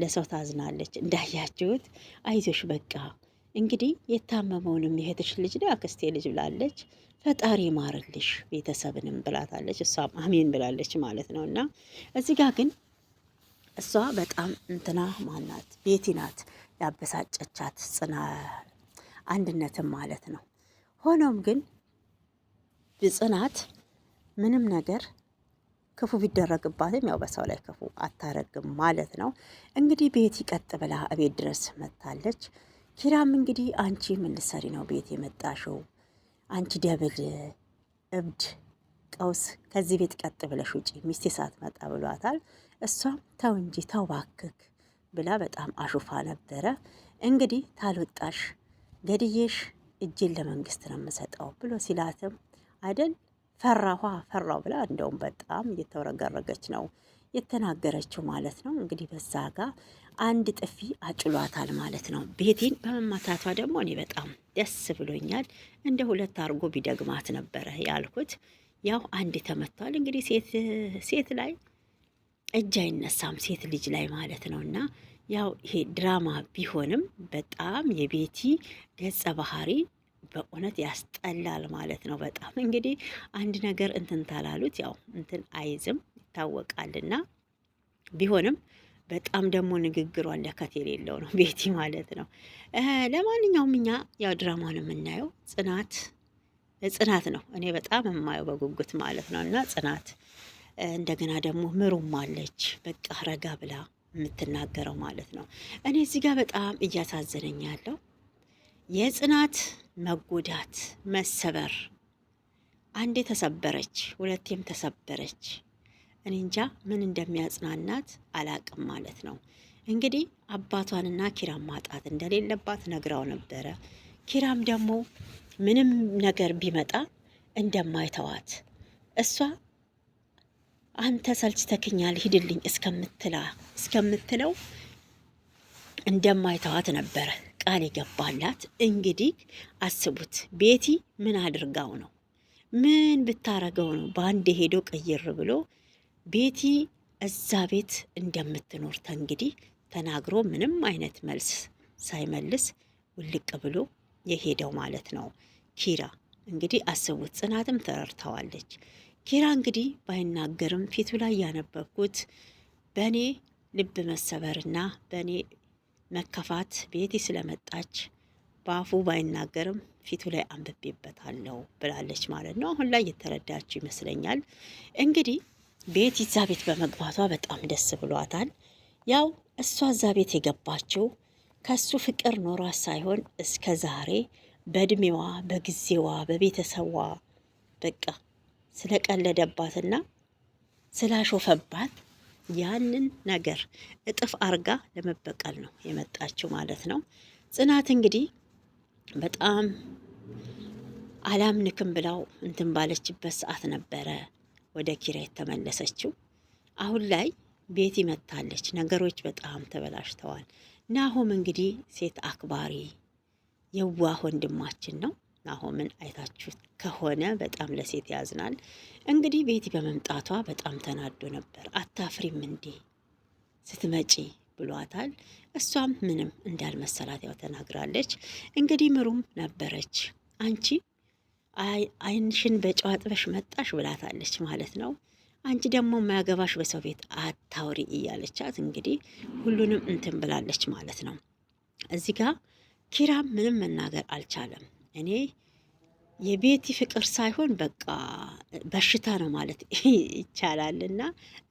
ለሰው ታዝናለች። እንዳያችሁት አይዞሽ በቃ እንግዲህ የታመመውንም የእህትሽ ልጅ ላይ አክስቴ ልጅ ብላለች፣ ፈጣሪ ማርልሽ ቤተሰብንም ብላታለች። እሷም አሜን ብላለች ማለት ነው። እና እዚህ ጋር ግን እሷ በጣም እንትና ማናት ቤቲ ናት ያበሳጨቻት ጽና አንድነትም ማለት ነው። ሆኖም ግን ጽናት ምንም ነገር ክፉ ቢደረግባትም ያው በሰው ላይ ክፉ አታረግም ማለት ነው። እንግዲህ ቤቲ ቀጥ ብላ እቤት ድረስ መታለች። ኪራም እንግዲህ አንቺ ምን ልትሰሪ ነው ቤት የመጣሽው? አንቺ ደብል እብድ ቀውስ፣ ከዚህ ቤት ቀጥ ብለሽ ውጪ፣ ሚስቴ ሳትመጣ ብሏታል። እሷም ተው እንጂ ተው ባክክ ብላ በጣም አሹፋ ነበረ። እንግዲህ ታልወጣሽ ገድዬሽ እጅን ለመንግስት ነው የምሰጠው ብሎ ሲላትም አይደል ፈራኋ ፈራው ብላ እንደውም በጣም እየተወረገረገች ነው የተናገረችው ማለት ነው። እንግዲህ በዛ ጋ አንድ ጥፊ አጭሏታል ማለት ነው። ቤቲን በመማታቷ ደግሞ እኔ በጣም ደስ ብሎኛል። እንደ ሁለት አድርጎ ቢደግማት ነበረ ያልኩት። ያው አንድ ተመቷል። እንግዲህ ሴት ላይ እጅ አይነሳም፣ ሴት ልጅ ላይ ማለት ነው እና ያው ይሄ ድራማ ቢሆንም በጣም የቤቲ ገጸ ባህሪ በእውነት ያስጠላል ማለት ነው። በጣም እንግዲህ አንድ ነገር እንትን ታላሉት ያው እንትን አይዝም ይታወቃልና ቢሆንም በጣም ደግሞ ንግግሯ ለከት የሌለው ነው ቤቲ ማለት ነው። ለማንኛውም እኛ ያው ድራማውን የምናየው ጽናት ጽናት ነው። እኔ በጣም የማየው በጉጉት ማለት ነው። እና ጽናት እንደገና ደግሞ ምሩም አለች በቃ ረጋ ብላ የምትናገረው ማለት ነው። እኔ እዚህ ጋር በጣም እያሳዘነኝ ያለው የጽናት መጎዳት፣ መሰበር። አንዴ ተሰበረች፣ ሁለቴም ተሰበረች። እኔ እንጃ ምን እንደሚያጽናናት አላቅም ማለት ነው። እንግዲህ አባቷንና ኪራም ማጣት እንደሌለባት ነግራው ነበረ። ኪራም ደግሞ ምንም ነገር ቢመጣ እንደማይተዋት እሷ አንተ ሰልችተክኛል ሂድልኝ እስከምትላ እስከምትለው እንደማይተዋት ነበረ። ቃል የገባላት እንግዲህ አስቡት። ቤቲ ምን አድርጋው ነው? ምን ብታረገው ነው በአንድ ሄዶ ቀይር ብሎ ቤቲ እዛ ቤት እንደምትኖር እንግዲህ ተናግሮ ምንም አይነት መልስ ሳይመልስ ውልቅ ብሎ የሄደው ማለት ነው። ኪራ እንግዲህ አስቡት። ጽናትም ተረድተዋለች። ኪራ እንግዲህ ባይናገርም ፊቱ ላይ ያነበብኩት በእኔ ልብ መሰበርና በእኔ መከፋት ቤቲ ስለመጣች በአፉ ባይናገርም ፊቱ ላይ አንብቤበታለሁ ብላለች ማለት ነው። አሁን ላይ የተረዳችው ይመስለኛል። እንግዲህ ቤቲ እዛ ቤት በመግባቷ በጣም ደስ ብሏታል። ያው እሷ እዛ ቤት የገባችው ከሱ ፍቅር ኖሯ ሳይሆን እስከ ዛሬ በእድሜዋ በጊዜዋ በቤተሰቧ በቃ ስለቀለደባትና ስላሾፈባት ያንን ነገር እጥፍ አርጋ ለመበቀል ነው የመጣችው ማለት ነው። ጽናት እንግዲህ በጣም አላምንክም ብላው እንትን ባለችበት ሰዓት ነበረ ወደ ኪራ የተመለሰችው። አሁን ላይ ቤት ይመታለች። ነገሮች በጣም ተበላሽተዋል። ናሆም እንግዲህ ሴት አክባሪ የዋህ ወንድማችን ነው። ናሆምን አይታችሁት ከሆነ በጣም ለሴት ያዝናል። እንግዲህ ቤቲ በመምጣቷ በጣም ተናዶ ነበር። አታፍሪም እንዲ ስትመጪ ብሏታል። እሷም ምንም እንዳልመሰላት ያው ተናግራለች። እንግዲህ ምሩም ነበረች አንቺ አይንሽን በጨዋጥበሽ መጣሽ ብላታለች ማለት ነው። አንቺ ደግሞ የማያገባሽ በሰው ቤት አታውሪ እያለቻት እንግዲህ ሁሉንም እንትን ብላለች ማለት ነው። እዚህ ጋ ኪራም ምንም መናገር አልቻለም። እኔ የቤቲ ፍቅር ሳይሆን በቃ በሽታ ነው ማለት ይቻላል። እና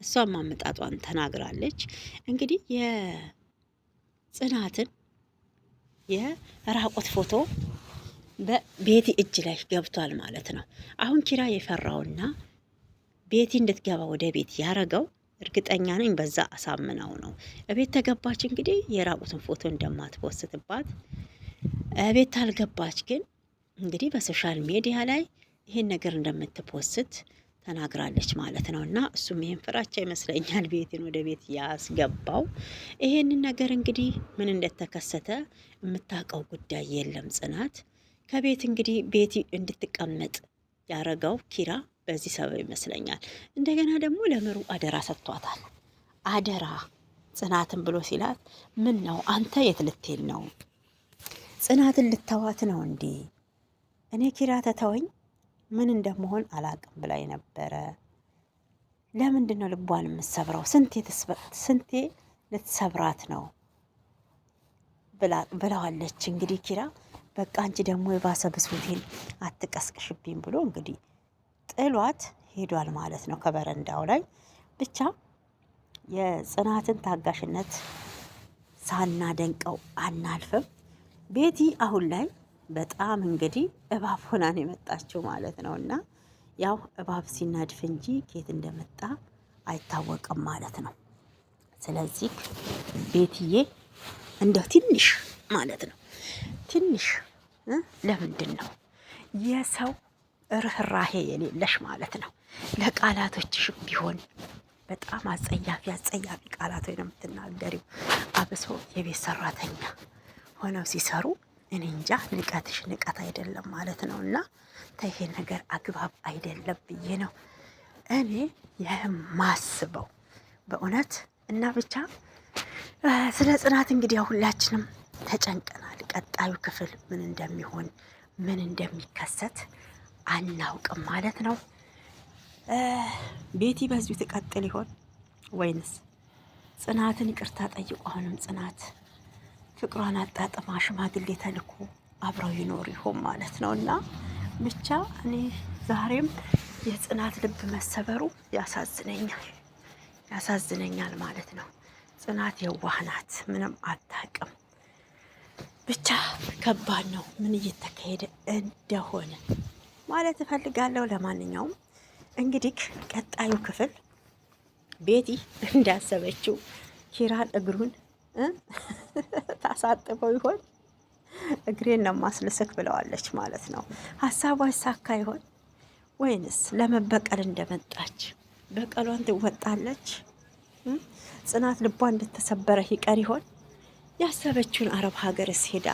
እሷም አመጣጧን ተናግራለች። እንግዲህ የጽናትን የራቆት ፎቶ በቤቲ እጅ ላይ ገብቷል ማለት ነው። አሁን ኪራ የፈራውና ቤቲ እንድትገባ ወደ ቤት ያረገው እርግጠኛ ነኝ በዛ አሳምናው ነው። እቤት ተገባች እንግዲህ የራቁትን ፎቶ እንደማትወስትባት እቤት አልገባች ግን እንግዲህ በሶሻል ሚዲያ ላይ ይህን ነገር እንደምትፖስት ተናግራለች ማለት ነው። እና እሱም ይህን ፍራቻ ይመስለኛል ቤትን ወደ ቤት ያስገባው። ይሄንን ነገር እንግዲህ ምን እንደተከሰተ የምታውቀው ጉዳይ የለም ጽናት። ከቤት እንግዲህ ቤቲ እንድትቀመጥ ያረገው ኪራ በዚህ ሰበብ ይመስለኛል። እንደገና ደግሞ ለምሩ አደራ ሰጥቷታል። አደራ ጽናትን ብሎ ሲላት ምን ነው አንተ የት ልትሄድ ነው? ጽናትን ልተዋት ነው እንዲህ እኔ ኪራ ተተወኝ ምን እንደመሆን አላቅም ብላኝ ነበረ። ለምንድን ነው ልቧን የምትሰብረው? ስንቴ ልትሰብራት ነው ብለዋለች። እንግዲህ ኪራ በቃ አንቺ ደግሞ የባሰ ብሶቴን አትቀስቅሽብኝ ብሎ እንግዲህ ጥሏት ሄዷል ማለት ነው ከበረንዳው ላይ ብቻ የጽናትን ታጋሽነት ሳናደንቀው አናልፍም። ቤቲ አሁን ላይ በጣም እንግዲህ እባብ ሆናን የመጣችው ማለት ነው። እና ያው እባብ ሲናድፍ እንጂ ኬት እንደመጣ አይታወቅም ማለት ነው። ስለዚህ ቤትዬ እንደው ትንሽ ማለት ነው ትንሽ ለምንድን ነው የሰው ርኅራሄ የሌለሽ ማለት ነው? ለቃላቶችሽ ቢሆን በጣም አጸያፊ አጸያፊ ቃላቶች ነው የምትናገሪው። አብሶ የቤት ሰራተኛ ሆነው ሲሰሩ እኔ እንጃ ንቀትሽ ንቀት አይደለም ማለት ነው። እና ይሄ ነገር አግባብ አይደለም ብዬ ነው እኔ የማስበው በእውነት እና ብቻ ስለ ጽናት እንግዲህ ሁላችንም ተጨንቀናል። ቀጣዩ ክፍል ምን እንደሚሆን ምን እንደሚከሰት አናውቅም ማለት ነው። ቤቲ በዚሁ ትቀጥል ይሆን ወይንስ ጽናትን ይቅርታ ጠይቁ? አሁንም ጽናት ፍቅሯን አጣጥማ ሽማግሌ ተልኮ አብረው ይኖሩ ይሆን ማለት ነው። እና ብቻ እኔ ዛሬም የጽናት ልብ መሰበሩ ያሳዝነኛል ያሳዝነኛል ማለት ነው። ጽናት የዋህ ናት፣ ምንም አታውቅም። ብቻ ከባድ ነው ምን እየተካሄደ እንደሆነ ማለት እፈልጋለሁ። ለማንኛውም እንግዲህ ቀጣዩ ክፍል ቤቲ እንዳሰበችው ኪራን እግሩን ታሳጥበው ይሆን እግሬን ነው ማስልስክ ብለዋለች ማለት ነው። ሀሳቧ ይሳካ ይሆን ወይንስ ለመበቀል እንደመጣች በቀሏን ትወጣለች? ጽናት ልቧ እንደተሰበረ ይቀር ይሆን? ያሰበችውን አረብ ሀገር ሄዳ